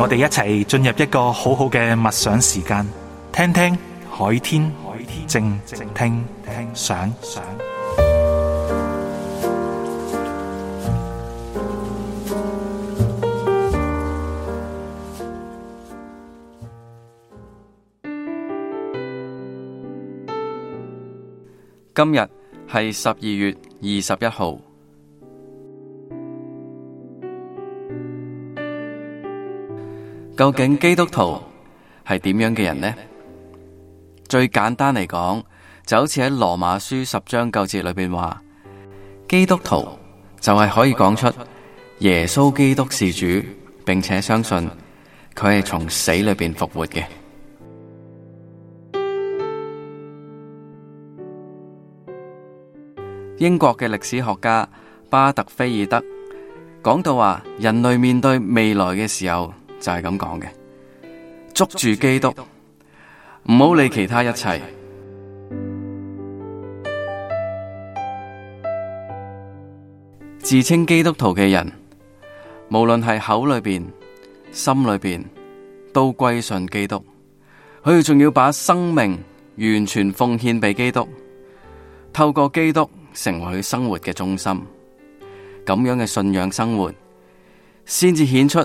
我哋一齊進入一個好好嘅默想時間，聽聽海天靜靜聽想。今日係十二月二十一號。究竟基督徒係點樣嘅人呢？最簡單嚟講，就好似喺羅馬書十章九節裏邊話，基督徒就係可以講出耶穌基督是主，並且相信佢係從死裏邊復活嘅。英國嘅歷史學家巴特菲爾德講到話，人類面對未來嘅時候。就係咁講嘅，捉住基督，唔好理其他一切。自稱基督徒嘅人，無論係口裏邊、心裏邊，都歸順基督。佢哋仲要把生命完全奉獻俾基督，透過基督成為佢生活嘅中心。咁樣嘅信仰生活，先至顯出。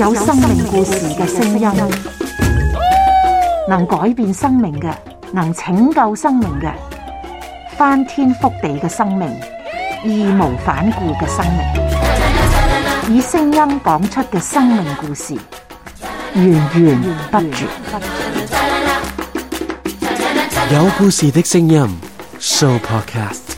有生命故事嘅聲音，能改變生命嘅，能拯救生命嘅，翻天覆地嘅生命，義無反顧嘅生命，以聲音講出嘅生命故事，源源不絕。有故事嘅聲音，Sooo Podcast。